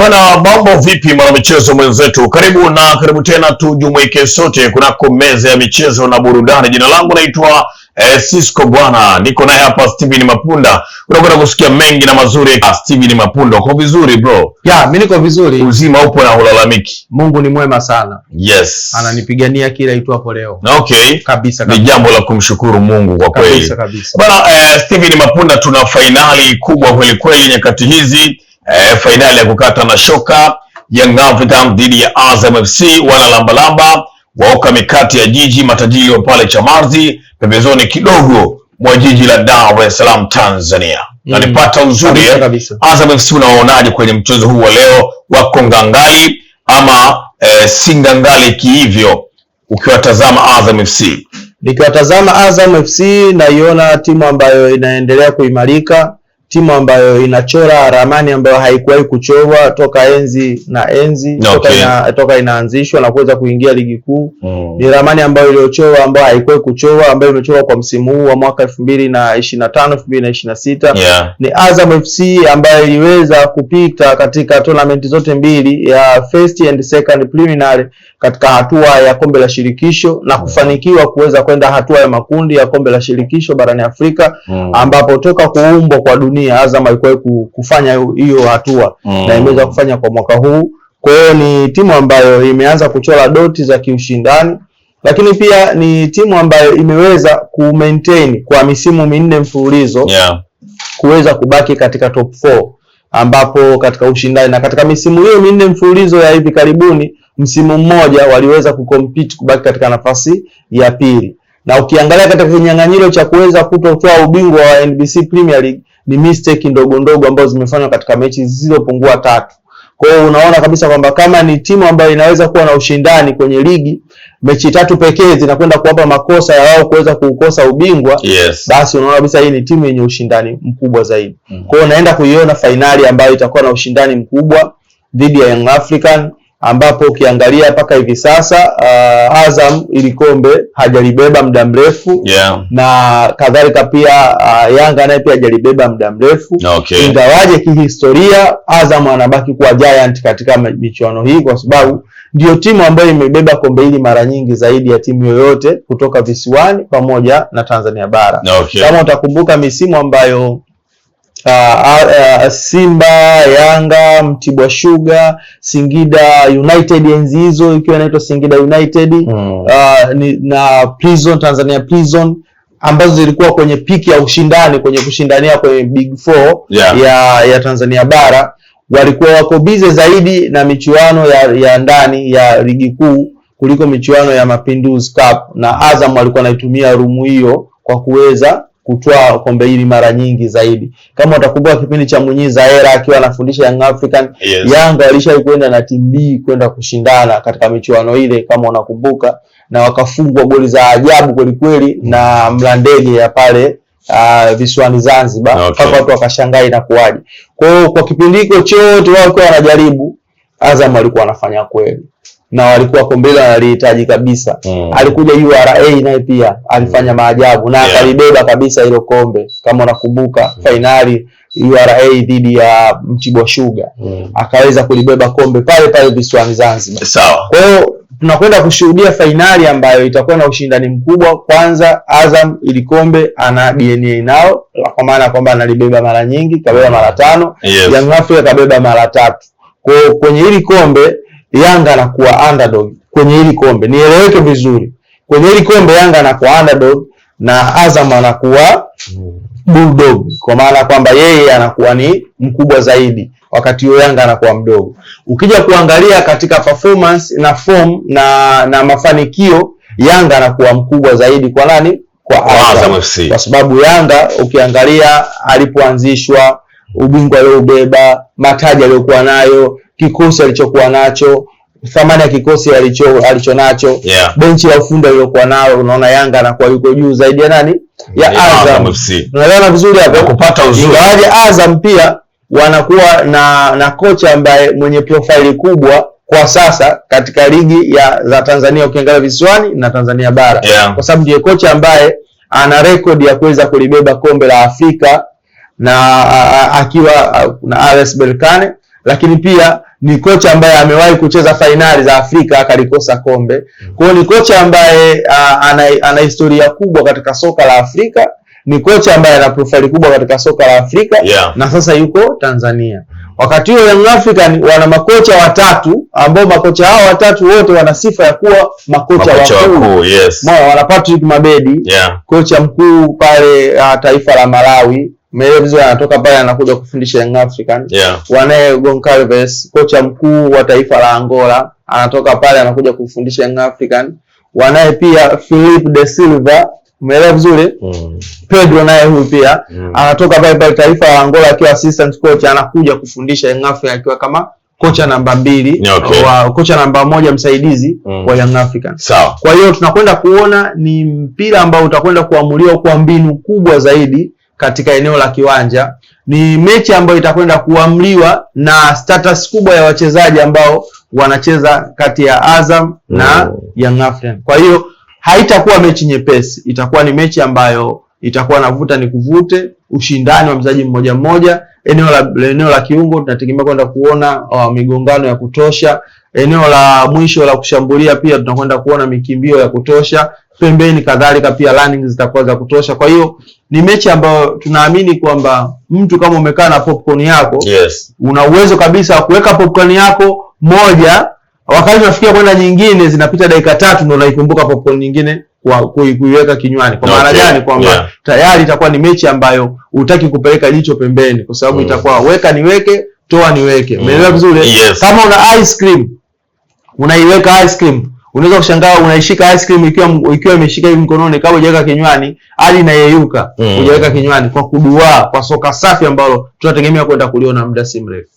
Ebana, mambo vipi michezo mwenzetu, karibu na karibu tena, tujumuike sote kunako meza ya michezo na burudani. Jina langu naitwa eh, Sisco bwana, niko naye hapa Steven Mapunda. Unakwenda kusikia mengi na mazuri. Steven Mapunda, uko vizuri bro? Ya, mi niko vizuri. Uzima upo na ulalamiki? Mungu ni mwema sana. Yes, ananipigania kila itwapo leo. Okay, kabisa kabisa, ni jambo la kumshukuru Mungu kwa kweli kabisa kabisa bwana. Eh, Steven Mapunda, tuna fainali kubwa kweli kweli nyakati hizi eh, fainali ya kukata na shoka Young Africans dhidi ya Azam FC wana lambalamba waoka mikati ya jiji matajiri wa pale Chamazi pembezoni kidogo mwa jiji la Dar es Salaam Tanzania. Mm. Nalipata uzuri eh? Azam FC unaonaje kwenye mchezo huu wa leo? Wako ngangali ama eh, si ngangali ukiwatazama Azam FC? Nikiwatazama Azam FC naiona timu ambayo inaendelea kuimarika timu ambayo inachora ramani ambayo haikuwahi kuchorwa toka enzi na enzi okay. toka, ina, toka inaanzishwa na kuweza kuingia ligi kuu mm. Ni ramani ambayo iliyochorwa ambayo haikuwahi kuchorwa ambayo imechorwa kwa msimu huu wa mwaka elfu mbili na ishirini na tano elfu mbili na ishirini na sita yeah. Ni Azam FC ambayo iliweza kupita katika tournamenti zote mbili ya first and second preliminary katika hatua ya kombe la shirikisho na mm. kufanikiwa kuweza kwenda hatua ya makundi ya kombe la shirikisho barani Afrika mm. ambapo toka kuumbwa kwa dunia kampuni ya Azam alikuwa kufanya hiyo hatua mm. na imeweza kufanya kwa mwaka huu. Kwa hiyo ni timu ambayo imeanza kuchora doti za kiushindani, lakini pia ni timu ambayo imeweza ku maintain kwa misimu minne mfululizo yeah. kuweza kubaki katika top 4 ambapo katika ushindani na katika misimu hiyo minne mfululizo ya hivi karibuni, msimu mmoja waliweza kucompete kubaki katika nafasi ya pili, na ukiangalia katika kinyang'anyiro cha kuweza kutotoa ubingwa wa NBC Premier League ni mistake ndogo ndogo ambazo zimefanywa katika mechi zisizopungua tatu. Kwa hiyo unaona kabisa kwamba kama ni timu ambayo inaweza kuwa na ushindani kwenye ligi, mechi tatu pekee zinakwenda kuwapa makosa ya wao kuweza kuukosa ubingwa yes. Basi unaona kabisa hii ni timu yenye ushindani mkubwa zaidi mm -hmm. Kwa hiyo unaenda kuiona fainali ambayo itakuwa na ushindani mkubwa dhidi ya Young African ambapo ukiangalia mpaka hivi sasa uh, Azam ili kombe hajalibeba muda mrefu yeah. na kadhalika pia uh, Yanga naye pia hajalibeba muda mrefu okay. Ingawaje kihistoria Azam anabaki kuwa giant katika michuano hii, kwa sababu ndio timu ambayo imebeba kombe hili mara nyingi zaidi ya timu yoyote kutoka visiwani pamoja na Tanzania bara okay. Kama utakumbuka misimu ambayo uh, uh, Simba, Yanga, Mtibwa Sugar, Singida United enzi hizo ikiwa inaitwa Singida United mm. uh, ni, na Prison Tanzania Prison ambazo zilikuwa kwenye piki ya ushindani kwenye kushindania kwenye Big Four yeah. ya, ya Tanzania bara walikuwa wako bize zaidi na michuano ya, ya ndani ya ligi kuu kuliko michuano ya Mapinduzi Cup na Azam walikuwa wanaitumia rumu hiyo kwa kuweza kutoa kombe hili mara nyingi zaidi. Kama utakumbuka kipindi cha Munyi Zaera akiwa anafundisha Young African, yes. Yanga walishawahi kwenda na timu B kwenda kushindana katika michuano ile kama unakumbuka, na wakafungwa goli za ajabu kwelikweli na Mlandege ya pale Uh, visiwani Zanzibar mpaka okay. Watu wakashangaa inakuwaje. Kwa hiyo kwa kipindi hicho chote wao wakiwa wanajaribu, Azam alikuwa anafanya kweli na walikuwa kombela walihitaji kabisa mm. Alikuja URA naye pia alifanya hmm. maajabu na yeah. Akalibeba kabisa hilo kombe, kama unakumbuka mm. Fainali URA dhidi ya Mtibwa Sugar mm. Akaweza kulibeba kombe pale pale visiwani Zanzibar. Sawa, kwa hiyo tunakwenda kushuhudia fainali ambayo itakuwa na ushindani mkubwa. Kwanza Azam ili kombe ana DNA nao, kwa maana kwamba analibeba mara nyingi, kabeba mara tano. Yes. Young Africa kabeba mara tatu. Kwa kwenye hili kombe Yanga anakuwa underdog kwenye hili kombe, nieleweke vizuri. Kwenye hili kombe Yanga anakuwa underdog na Azam anakuwa bulldog, kwa maana kwamba yeye anakuwa ni mkubwa zaidi, wakati huo Yanga anakuwa mdogo. Ukija kuangalia katika performance na form na na mafanikio, Yanga anakuwa mkubwa zaidi kwa nani? Kwa Azam FC, kwa sababu Yanga ukiangalia alipoanzishwa ubingwa aliobeba mataji aliyokuwa nayo kikosi alichokuwa nacho, thamani ya kikosi alicho nacho yeah. benchi ya ufundi aliyokuwa nayo, Unaona Yanga anakuwa yuko juu zaidi ya nani ya yeah, Azam. Unaelewana vizuri hapo, kupata uzuri. Ingawaje Azam pia wanakuwa na na kocha ambaye mwenye profaili kubwa kwa sasa katika ligi ya za Tanzania ukiangalia visiwani na Tanzania bara yeah. kwa sababu ndiye kocha ambaye ana rekodi ya kuweza kulibeba kombe la Afrika na a, a, akiwa a, na RS Berkane lakini pia ni kocha ambaye amewahi kucheza fainali za Afrika akalikosa kombe. Kwa hiyo ni kocha ambaye ana, ana historia kubwa katika soka la Afrika, ni kocha ambaye ana profile kubwa katika soka la Afrika yeah. na sasa yuko Tanzania. Wakati huo Young African wana makocha watatu ambao makocha hao watatu wote wana sifa ya kuwa makocha, makocha wakuu yes. wana Patrick Mabedi yeah. kocha mkuu pale uh, taifa la Malawi Mele Mzee anatoka pale anakuja kufundisha Young African. Yeah. Wanaye Goncalves, kocha mkuu wa taifa la Angola, anatoka pale anakuja kufundisha Young African. Wanaye pia Philip de Silva, umeelewa vizuri? Mm. Pedro naye huyu pia mm. anatoka pale pale taifa la Angola akiwa assistant coach anakuja kufundisha Young African akiwa kama kocha namba mbili okay. wa kocha namba moja msaidizi mm. wa Young African. Sawa. Kwa hiyo tunakwenda kuona ni mpira ambao utakwenda kuamuliwa kwa mbinu kubwa zaidi katika eneo la kiwanja. Ni mechi ambayo itakwenda kuamliwa na status kubwa ya wachezaji ambao wanacheza kati ya Azam na mm. Young Africans. Kwa hiyo haitakuwa mechi nyepesi, itakuwa ni mechi ambayo itakuwa navuta ni kuvute, ushindani wa mchezaji mmoja mmoja. Eneo la eneo la kiungo tunategemea kwenda kuona uh, migongano ya kutosha. Eneo la mwisho la kushambulia pia tunakwenda kuona mikimbio ya kutosha pembeni, kadhalika pia running zitakuwa za kutosha. Kwa hiyo ni mechi ambayo tunaamini kwamba mtu kama umekaa na popcorn yako yes, una uwezo kabisa wa kuweka popcorn yako moja, wakati unafikia kwenda nyingine, zinapita dakika tatu ndio unaikumbuka popcorn nyingine kuiweka kinywani. Kwa maana okay, gani kwamba yeah, tayari itakuwa ni mechi ambayo utaki kupeleka jicho pembeni, kwa sababu mm, itakuwa weka niweke, toa niweke, umeelewa mm, vizuri yes. Kama una ice cream unaiweka ice cream unaweza kushangaa unaishika ice cream ikiwa ikiwa imeshika hivi mkononi, kabla hujaweka kinywani, hadi inayeyuka, mm. hujaweka mm. kinywani, kwa kuduaa, kwa soka safi ambalo tunategemea kwenda kuliona muda si mrefu.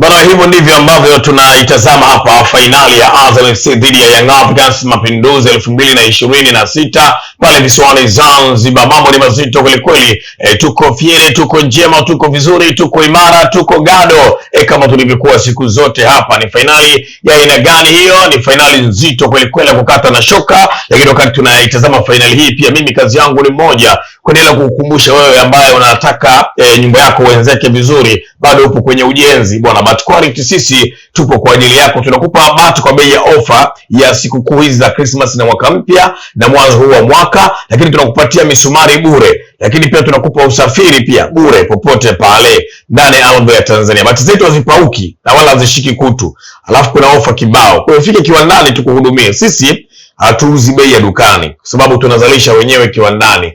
Bana, hivyo ndivyo ambavyo tunaitazama hapa fainali ya Azam FC dhidi ya Young Africans Mapinduzi elfu mbili na ishirini na sita pale visiwani Zanzibar. Mambo ni mazito kwelikweli. E, tuko fiere, tuko njema, tuko vizuri, tuko imara, tuko gado e, kama tulivyokuwa siku zote hapa. Ni fainali ya aina gani hiyo? Ni fainali nzito kwelikweli ya kukata na shoka, lakini wakati tunaitazama fainali hii, pia mimi kazi yangu ni moja, kuendelea kukukumbusha wewe ambaye unataka e, nyumba yako uenzeke vizuri bado upo kwenye ujenzi bwana. but quality sisi tupo kwa ajili yako, tunakupa bati kwa bei ya ofa ya sikukuu hizi za Christmas na mwaka mpya na mwanzo huu wa mwaka, lakini tunakupatia misumari bure, lakini pia tunakupa usafiri pia bure popote pale ndani ya ardhi ya Tanzania. Bati zetu hazipauki na wala hazishiki kutu, alafu kuna ofa kibao. Kwa hiyo fike kiwandani tukuhudumie. Sisi hatuuzi bei ya dukani kwa sababu tunazalisha wenyewe kiwandani.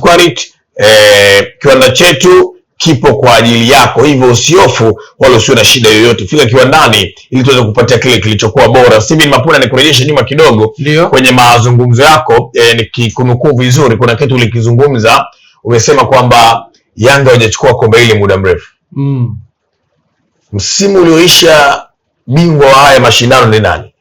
quality eh, kiwanda chetu kipo kwa ajili yako, hivyo usiofu wala usio na shida yoyote. Fika kiwandani ili tuweze kupatia kile kilichokuwa bora. Steven Mapunda, nikurejeshe nyuma kidogo Lio. kwenye mazungumzo yako e, nikikunukuu vizuri, kuna kitu ulikizungumza, umesema kwamba Yanga hajachukua kombe hili muda mrefu mm. msimu ulioisha bingwa wa haya mashindano ni nani?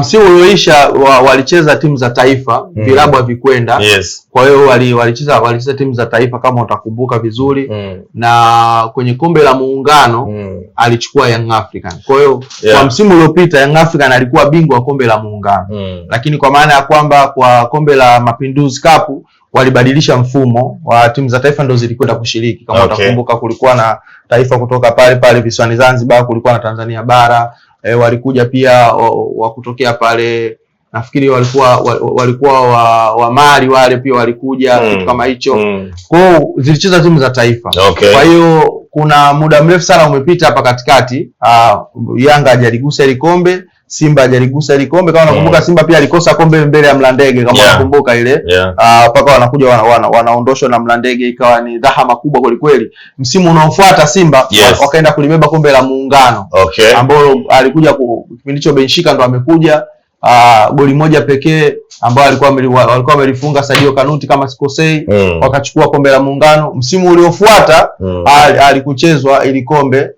msimu um, ulioisha wa, walicheza timu za taifa mm. vilabu havikwenda yes. Kwa hiyo walicheza wali wali timu za taifa kama utakumbuka vizuri mm. na kwenye kombe la muungano mm. alichukua Young African. Kwa hiyo yeah. kwa msimu uliopita Young African alikuwa bingwa wa kombe la muungano mm. lakini kwa maana ya kwamba kwa kombe la Mapinduzi Cup walibadilisha mfumo wa timu za taifa ndo zilikwenda kushiriki kama okay. Utakumbuka kulikuwa na taifa kutoka pale pale visiwani Zanzibar, kulikuwa na Tanzania bara e, walikuja pia wa kutokea pale nafikiri walikuwa walikuwa wa, wa mali wale pia walikuja mm. kitu kama hicho mm. kwao zilicheza timu za taifa okay. Kwa hiyo kuna muda mrefu sana umepita hapa katikati, ah, Yanga hajaligusa ile kombe Simba hajaligusa ile kombe kama nakumbuka mm. Simba pia alikosa kombe mbele ya Mlandege kama nakumbuka yeah. ile yeah. Uh, wanakuja wana, wanaondoshwa wana na Mlandege, ikawa ni dhahama kubwa kweli kweli. Msimu unaofuata Simba yes. wakaenda kulibeba kombe la Muungano okay. ambao alikuja kipindi hicho Benshika ndo amekuja uh, goli moja pekee ambayo walikuwa walikuwa wamelifunga Sadio Kanuti kama sikosei, mm. wakachukua kombe la muungano msimu uliofuata mm. alikuchezwa ili kombe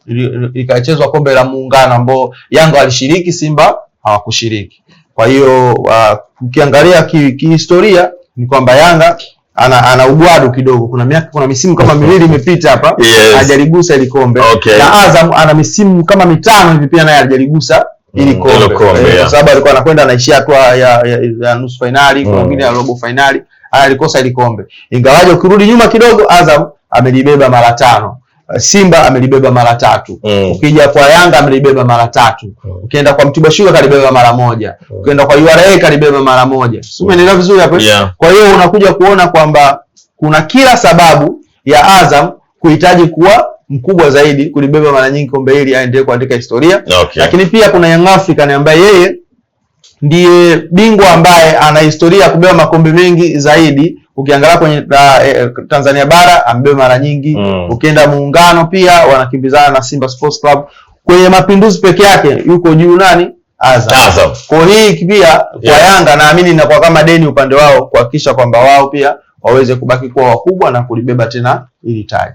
ikachezwa kombe la muungano ambao Yanga alishiriki Simba hawakushiriki. Kwa hiyo uh, ukiangalia kihistoria ki ni kwamba Yanga ana, ana ugwadu kidogo. Kuna miaka kuna misimu kama miwili imepita hapa yes. hajaligusa ile kombe okay. na Azam ana misimu kama mitano hivi pia naye hajaligusa ili mm. kombe eh, kwa sababu alikuwa anakwenda anaishia kwa ya ya, nusu fainali, kuna mm. mwingine ya robo fainali, alikosa ile kombe. Ingawaje ukirudi nyuma kidogo, Azam amelibeba mara tano, eh, Simba amelibeba mara tatu mm. Ukija kwa Yanga amelibeba mara tatu mm. Ukienda kwa Mtibwa Sugar kalibeba mara moja mm. Ukienda kwa URA kalibeba mara moja mm. Umeelewa vizuri hapo yeah. Kwa hiyo unakuja kuona kwamba kuna kila sababu ya Azam kuhitaji kuwa mkubwa zaidi kulibeba mara nyingi kombe hili aendelee kuandika historia okay. Lakini pia kuna Young African ambaye yeye ndiye bingwa ambaye ana historia ya kubeba makombe mengi zaidi. Ukiangalia kwenye ta, uh, eh, Tanzania bara amebeba mara nyingi mm. Ukienda muungano pia wanakimbizana na Simba Sports Club, kwenye mapinduzi peke yake yuko juu nani? Azam. Kwa hii pia kwa yeah. Yanga naamini inakuwa kama deni upande wao kuhakikisha kwamba wao pia waweze kubaki kuwa wakubwa na kulibeba tena ili taji.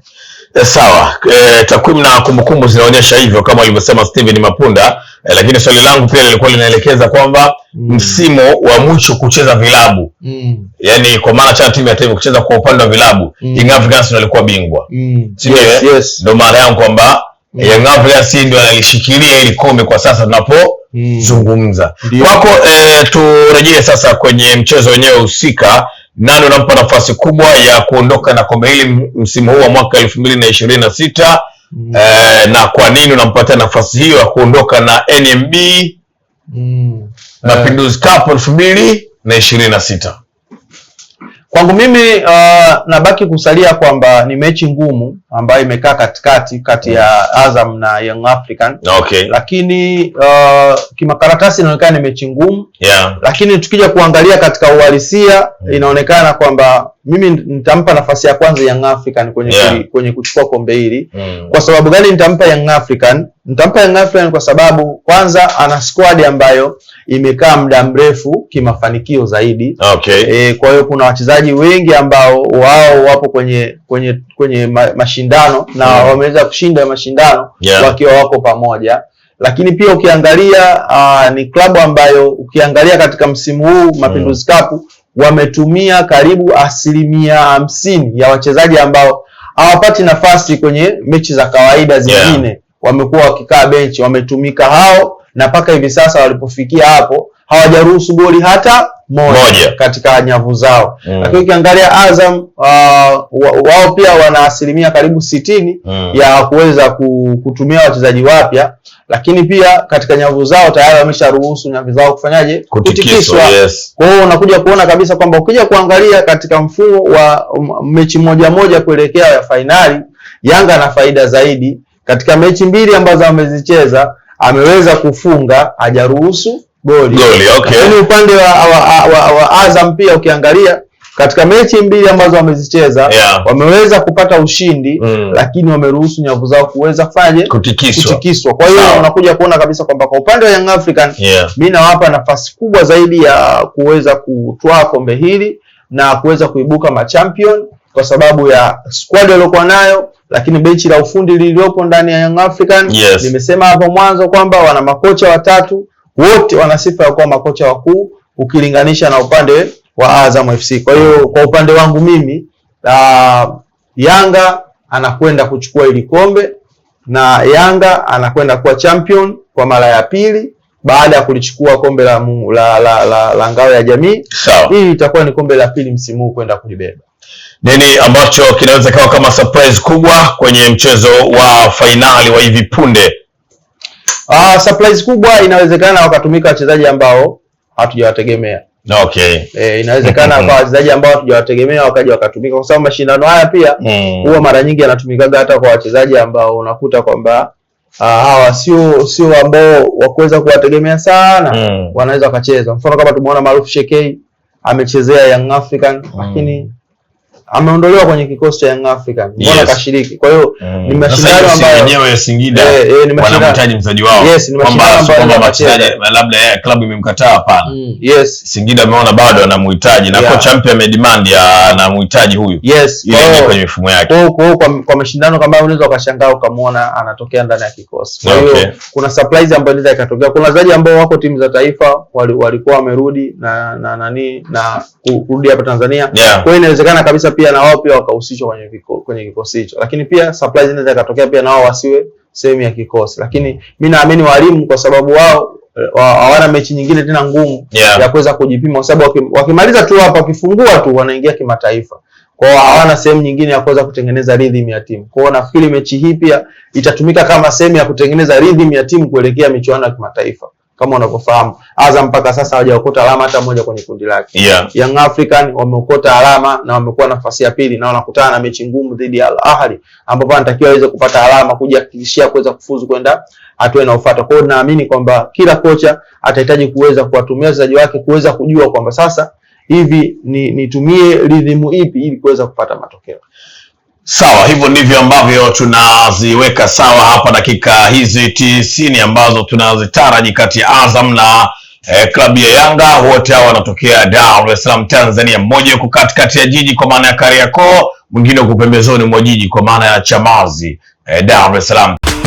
E, sawa. E, takwimu na kumbukumbu zinaonyesha hivyo kama alivyosema Steven Mapunda. E, lakini swali langu pia lilikuwa linaelekeza kwamba mm. msimu wa mwisho kucheza vilabu mm. yani kwa maana cha timu ya taifa kucheza kwa upande wa vilabu mm. Young Africans walikuwa bingwa mm. si Yes, yes. Ndio maana yangu kwamba mm. Young Africans ndio analishikilia hili kombe kwa sasa tunapo Hmm. zungumza mm. Kwako e, turejee sasa kwenye mchezo wenyewe husika nani unampa nafasi kubwa ya kuondoka na kombe hili msimu huu wa mwaka elfu mbili na ishirini na sita mm. e, na kwa nini unampatia nafasi hiyo ya kuondoka na NMB Mapinduzi mm. Eh. Cup elfu mbili na ishirini na sita Kwangu mimi uh, nabaki kusalia kwamba ni mechi ngumu ambayo imekaa katikati kati ya Azam na Young African. Okay. Lakini uh, kimakaratasi inaonekana ni mechi ngumu. Yeah. Lakini tukija kuangalia katika uhalisia hmm. inaonekana kwamba mimi nitampa nafasi ya kwanza Young African kwenye, yeah. kwenye, kwenye kuchukua kombe hili mm. Kwa sababu gani nitampa Young African? Nitampa Young African kwa sababu kwanza ana squad ambayo imekaa muda mrefu kimafanikio zaidi okay. E, kwa hiyo kuna wachezaji wengi ambao wao wapo kwenye kwenye kwenye mashindano na mm. wameweza kushinda mashindano yeah. wakiwa wako pamoja lakini pia ukiangalia uh, ni klabu ambayo ukiangalia katika msimu huu Mapinduzi mm wametumia karibu asilimia hamsini ya wachezaji ambao hawapati nafasi kwenye mechi za kawaida zingine, yeah. Wamekuwa wakikaa benchi, wametumika hao, na mpaka hivi sasa walipofikia hapo hawajaruhusu goli hata moja, moja katika nyavu zao mm. Lakini ukiangalia Azam uh, wao pia wana asilimia karibu sitini mm. ya kuweza kutumia wachezaji wapya, lakini pia katika nyavu zao tayari wamesharuhusu nyavu zao kufanyaje, kutikiswa. Yes. Kwa hiyo unakuja kuona kabisa kwamba ukija kuangalia katika mfumo wa um, mechi moja moja kuelekea ya fainali, Yanga ana faida zaidi katika mechi mbili ambazo amezicheza, ameweza kufunga hajaruhusu goli, goli okay. Lakini upande wa, wa, wa, wa Azam pia ukiangalia katika mechi mbili ambazo wamezicheza yeah. wameweza kupata ushindi mm. lakini wameruhusu nyavu zao kuweza kufanya kutikiswa. Kutikiswa. Kwa hiyo unakuja kuona kabisa kwamba kwa upande wa Young African yeah. mimi nawapa nafasi kubwa zaidi ya kuweza kutwa kombe hili na kuweza kuibuka machampion kwa sababu ya squad waliokuwa nayo, lakini benchi la ufundi lililopo ndani ya Young African yes. nimesema hapo mwanzo kwamba wana makocha watatu wote wana sifa ya kuwa makocha wakuu ukilinganisha na upande wa Azam FC. Kwa hiyo kwa upande wangu mimi uh, Yanga anakwenda kuchukua ili kombe na Yanga anakwenda kuwa champion kwa mara ya pili baada ya kulichukua kombe la, la, la, la, la ngao ya jamii. Hii itakuwa ni kombe la pili msimu huu kwenda kulibeba. Nini ambacho kinaweza kawa kama surprise kubwa kwenye mchezo wa fainali wa hivi punde Ah, surprise kubwa inawezekana wakatumika wachezaji ambao hatujawategemea. Okay. E, inawezekana kwa wachezaji ambao hatujawategemea wakaja wakatumika kwa sababu mashindano haya pia hmm. huwa mm. mara nyingi yanatumikaga hata kwa wachezaji ambao unakuta kwamba ah, hawa sio sio ambao wakuweza kuwategemea sana mm. wanaweza wakacheza. Mfano kama tumeona maarufu Shekei amechezea Young African mm. lakini hmm ameondolewa kwenye kikosi cha Young Africa, mbona yes. kashiriki? Kwa hiyo ni mm. mashindano ambayo wenyewe ya Singida eh, eh, wanamhitaji mchezaji wao, yes, ni mashindano ambayo wachezaji labda yeye klabu imemkataa, hapana. Mm, yes, Singida ameona bado anamhitaji na kocha mpya amedemand ya anamhitaji huyu, yes, ile kwenye mifumo yake. Kwa kwa, kwa mashindano kama unaweza ukashangaa ukamwona anatokea ndani ya kikosi. Kwa hiyo kuna surprise ambayo inaweza ikatokea. Kuna wachezaji ambao wako timu za taifa walikuwa wamerudi na na nani na kurudi hapa Tanzania, kwa hiyo inawezekana kabisa pia na wao pia wakahusishwa kwenye viko, kwenye kikosi hicho, lakini pia surprise inaweza ikatokea pia na wao wasiwe sehemu ya kikosi, lakini mi naamini walimu kwa sababu wao eh, hawana mechi nyingine tena ngumu yeah, ya kuweza kujipima kwa sababu wakimaliza tu hapa, wakifungua tu wanaingia kimataifa kwao, hawana sehemu nyingine ya kuweza kutengeneza rhythm ya timu. Kwao nafikiri mechi hii pia itatumika kama sehemu ya kutengeneza rhythm ya timu kuelekea michuano ya kimataifa kama unavyofahamu Azam mpaka sasa hawajaokota alama hata moja kwenye kundi lake. Yeah. Young African wameokota alama na wamekuwa nafasi ya pili na wanakutana na mechi ngumu dhidi ya Al Ahly ambapo anatakiwa aweze kupata alama kujihakikishia kuweza kufuzu kwenda hatua inayofuata. Kwa hiyo naamini kwamba kila kocha atahitaji kuweza kuwatumia wachezaji wake kuweza kujua kwamba sasa hivi nitumie rhythm ipi ili kuweza kupata matokeo. Sawa, hivyo ndivyo ambavyo tunaziweka sawa hapa dakika hizi tisini ambazo tunazitaraji kati ya Azam na eh, klabu ya Yanga. Wote hao wanatokea Dar es Salaam, Tanzania. Mmoja yuko katikati ya jiji kwa maana ya Kariakoo, mwingine uko pembezoni mwa jiji kwa maana ya Chamazi, eh, Dar es Salaam.